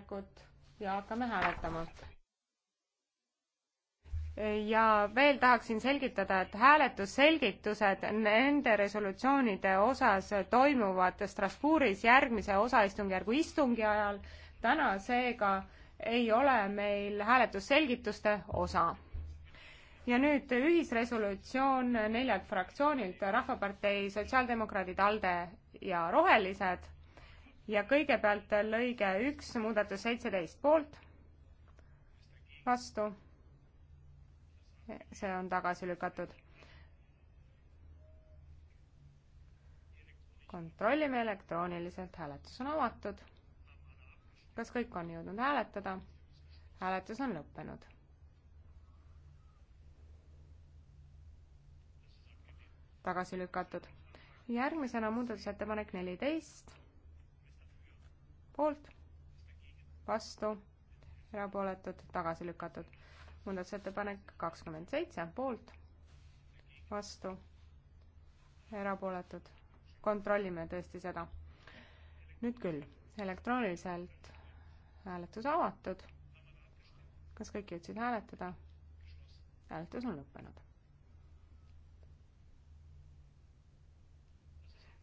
ettepanekut ja hakkame hääletama. ja veel tahaksin selgitada, et hääletusselgitused nende resolutsioonide osas toimuvad Strasbourgis järgmise osaistungjärgu istungi ajal. täna seega ei ole meil hääletusselgituste osa ja nüüd ühisresolutsioon neljalt fraktsioonilt, Rahvapartei, Sotsiaaldemokraadid, ALDE ja Rohelised ja kõigepealt lõige üks, muudatus seitseteist poolt, vastu, see on tagasi lükatud. kontrollime elektrooniliselt, hääletus on avatud. kas kõik on jõudnud hääletada? hääletus on lõppenud. tagasi lükatud. järgmisena muudatusettepanek neliteist poolt, vastu, erapooletud, tagasi lükatud. muudatusettepanek kakskümmend seitse, poolt, vastu, erapooletud. kontrollime tõesti seda. nüüd küll, elektrooniliselt hääletus avatud. kas kõik jõudsid hääletada? hääletus on lõppenud.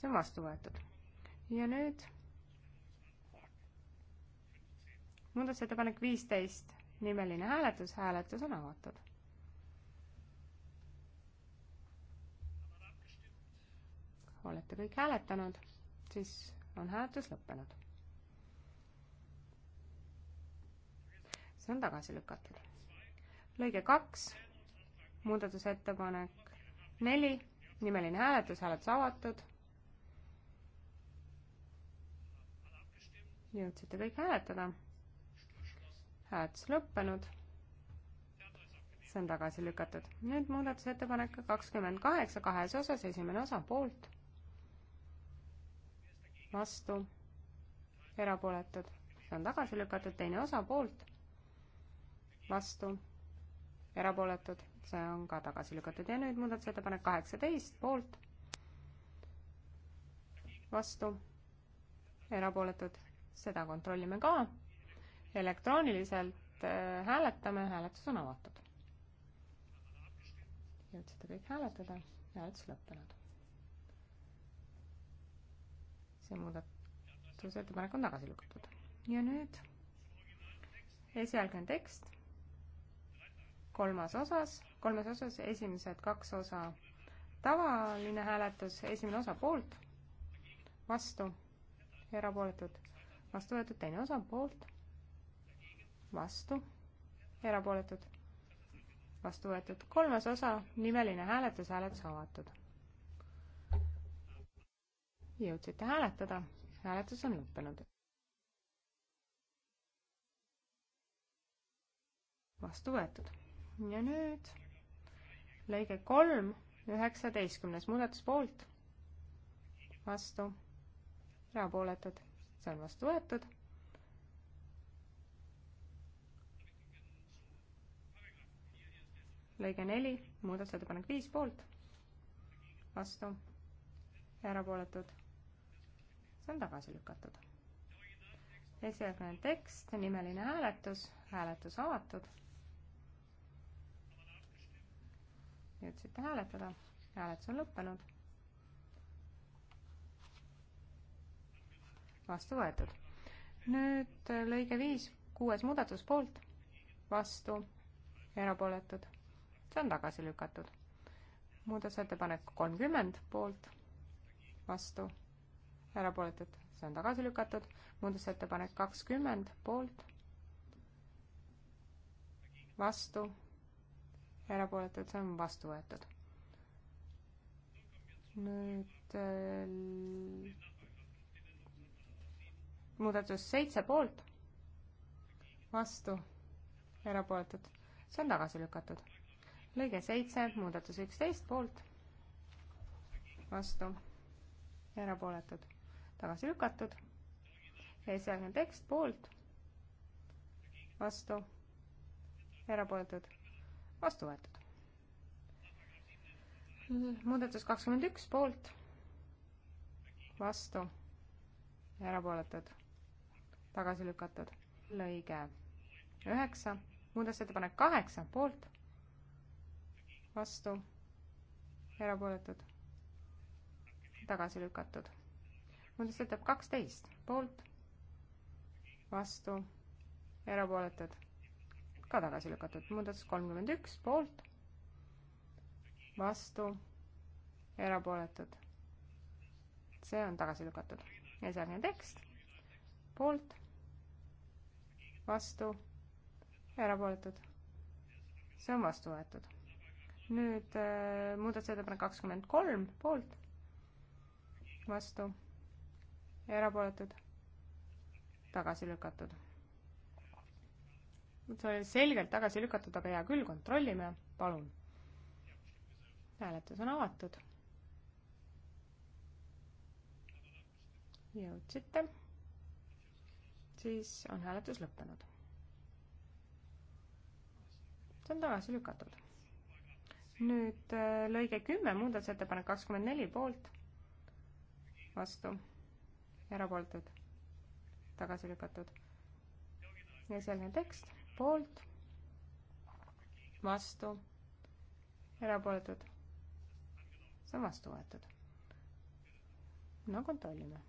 see on vastu võetud. ja nüüd muudatusettepanek viisteist, nimeline hääletus, hääletus on avatud. olete kõik hääletanud, siis on hääletus lõppenud. see on tagasi lükatud. lõige kaks, muudatusettepanek neli, nimeline hääletus, hääletus avatud jõudsite kõik hääletada hääletus lõppenud. see on tagasi lükatud. nüüd muudatusettepanek kakskümmend kaheksa kahes osas, esimene osa poolt, vastu, erapooletud. see on tagasi lükatud, teine osa poolt, vastu, erapooletud. see on ka tagasi lükatud ja nüüd muudatusettepanek kaheksateist poolt, vastu, erapooletud. seda kontrollime ka elektrooniliselt äh, hääletame, hääletus on avatud. jõudsite kõik hääletada, hääletus lõppenud. see muudatusettepanek on tagasi lükatud. ja nüüd esialgne tekst kolmas osas, kolmes osas esimesed kaks osa tavaline hääletus, esimene osa poolt, vastu, erapooletud, vastu võetud, teine osa poolt vastu, erapooletud, vastu võetud. kolmas osa, nimeline hääletus, hääletus avatud. jõudsite hääletada, hääletus on lõppenud. vastu võetud. ja nüüd lõige kolm, üheksateistkümnes muudatus poolt, vastu, erapooletud, see on vastu võetud lõige neli, muudatusettepanek viis poolt, vastu, erapooletud, see on tagasi lükatud. esialgne tekst, nimeline hääletus, hääletus avatud. jõudsite hääletada, hääletus on lõppenud. vastu võetud. nüüd lõige viis, kuues muudatus poolt, vastu, erapooletud see on tagasi lükatud. muudatusettepanek kolmkümmend poolt, vastu, erapooletud, see on tagasi lükatud. muudatusettepanek kakskümmend poolt, vastu, erapooletud, see on vastu võetud. nüüd äh, muudatus seitse poolt, vastu, erapooletud, see on tagasi lükatud lõige seitse, muudatus üksteist, poolt, vastu, erapooletud, tagasi lükatud. esialgne tekst, poolt, vastu, erapooletud, vastu võetud. muudatus kakskümmend üks, poolt, vastu, erapooletud, tagasi lükatud. lõige üheksa, muudatusettepanek kaheksa, poolt vastu, erapooletud, tagasi lükatud. muudatusettepanek kaksteist, poolt, vastu, erapooletud, ka tagasi lükatud. muudatus kolmkümmend üks, poolt, vastu, erapooletud. see on tagasi lükatud. esialgne tekst, poolt, vastu, erapooletud. see on vastu võetud nüüd äh, muudatusettepanek kakskümmend kolm poolt, vastu, erapooletud, tagasi lükatud. see oli selgelt tagasi lükatud, aga hea küll, kontrollime, palun. hääletus on avatud. jõudsite, siis on hääletus lõppenud. see on tagasi lükatud nüüd äh, lõige kümme, muudatusettepanek kakskümmend neli poolt, vastu, erapooletud, tagasi lükatud. esialgne tekst, poolt, vastu, erapooletud, see on vastu võetud. no kontrollime.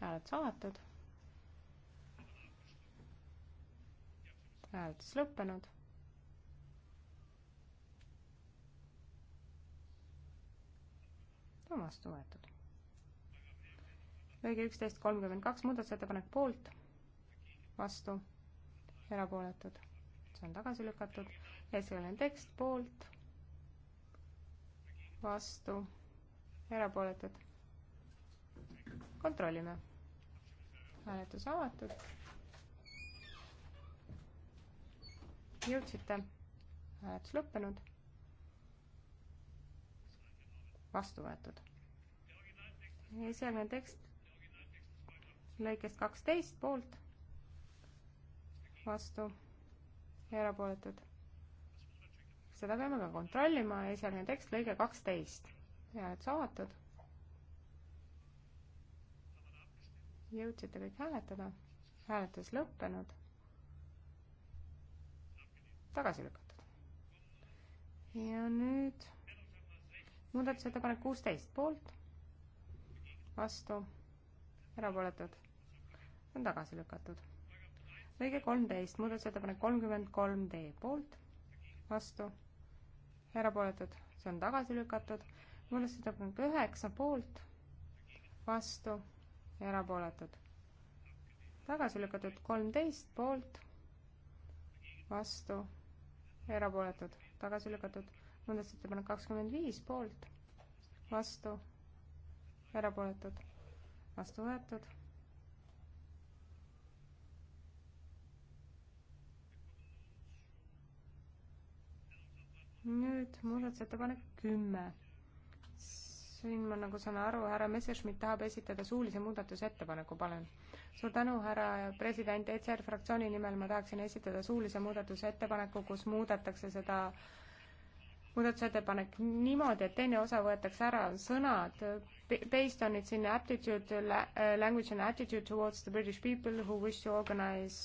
hääletus avatud. hääletus lõppenud on vastu võetud. lõige üksteist kolmkümmend kaks, muudatusettepanek poolt, vastu, erapooletud, see on tagasi lükatud, eestikeelne tekst poolt, vastu, erapooletud. kontrollime. hääletus avatud. jõudsite, hääletus lõppenud vastu võetud. esialgne tekst lõikest kaksteist poolt, vastu ja erapooletud. seda peame ka kontrollima, esialgne tekst lõige kaksteist. hääletus avatud. jõudsite kõik hääletada, hääletus lõppenud, tagasi lükatud. ja nüüd muudatusettepanek kuusteist poolt, vastu, erapooletud, on tagasi lükatud. lõige kolmteist, muudatusettepanek kolmkümmend kolm D poolt, vastu, erapooletud, see on tagasi lükatud. muudatusettepanek üheksa poolt, vastu, erapooletud, tagasi lükatud kolmteist poolt, vastu, erapooletud, tagasi lükatud muudatusettepanek kakskümmend viis poolt, vastu, erapooletud, vastu võetud. nüüd muudatusettepanek kümme. siin ma nagu saan aru, härra Messerschmidt tahab esitada suulise muudatusettepaneku, palun. suur tänu, härra president, ECR fraktsiooni nimel ma tahaksin esitada suulise muudatusettepaneku, kus muudetakse seda äh, muudatusettepanek niimoodi, et teine osa võetakse ära, sõnad based on its in aptitude, äh, language and attitude towards the British people who wish to organize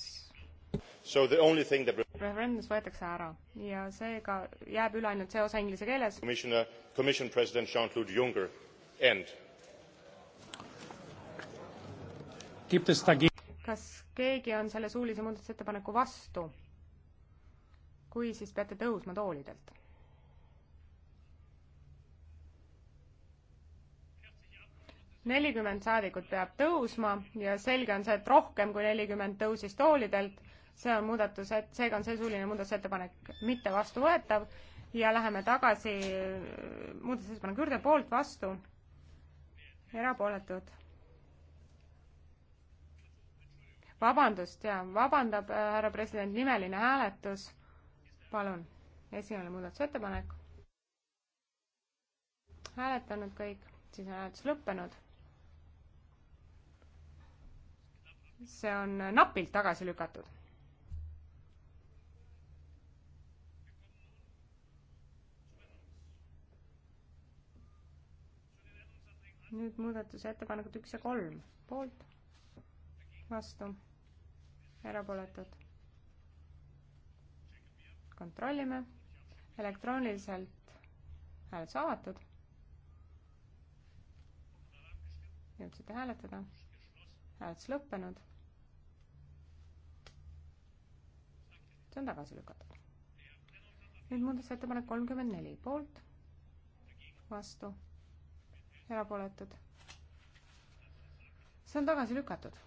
So the only thing that referendums võetakse ära ja seega jääb üle ainult see osa inglise keeles. Commissioner, Commission President Jean-Claude Juncker, end. kas keegi on selle suulise muudatusettepaneku vastu? kui, siis peate tõusma toolidelt nelikümmend saadikut peab tõusma ja selge on see, et rohkem kui nelikümmend tõusis toolidelt, see on muudatus, et seega on see suuline muudatusettepanek mitte vastuvõetav ja läheme tagasi äh, muudatusettepaneku juurde, poolt, vastu, erapooletud. vabandust, jaa, vabandab äh, härra president, nimeline hääletus, palun, esimene muudatusettepanek. hääletanud kõik, siis on hääletus lõppenud see on napilt tagasi lükatud. nüüd muudatusettepanekud üks ja kolm, poolt, vastu, erapooletud. kontrollime elektrooniliselt, hääletus avatud. jõudsite hääletada hääletus lõppenud. see on tagasi lükatud. nüüd muudatusettepanek kolmkümmend neli poolt, vastu, erapooletud. see on tagasi lükatud.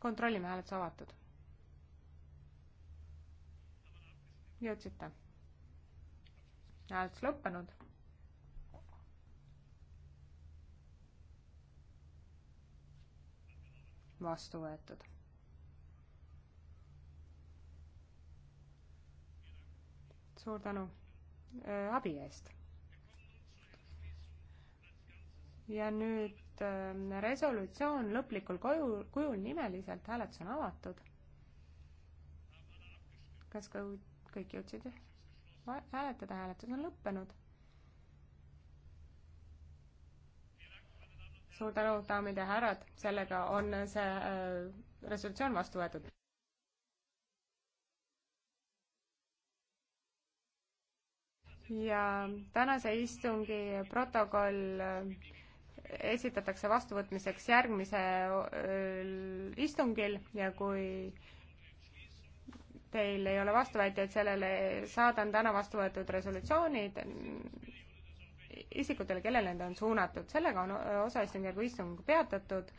kontrollime, hääletus avatud. jõudsite? hääletus lõppenud vastu võetud. suur tänu äh, abi eest. ja nüüd äh, resolutsioon lõplikul koju, kujul nimeliselt, hääletus on avatud. kas kõik jõudsid hääletada, hääletus on lõppenud suur tänu, daamid ja härrad, sellega on see äh, resolutsioon vastu võetud. ja tänase istungi protokoll äh, esitatakse vastuvõtmiseks järgmisel äh, istungil ja kui teil ei ole vastuväiteid sellele, saadan täna vastu võetud resolutsioonid isikutele, kellele need on suunatud. sellega on osaistungjärgu istung peatatud.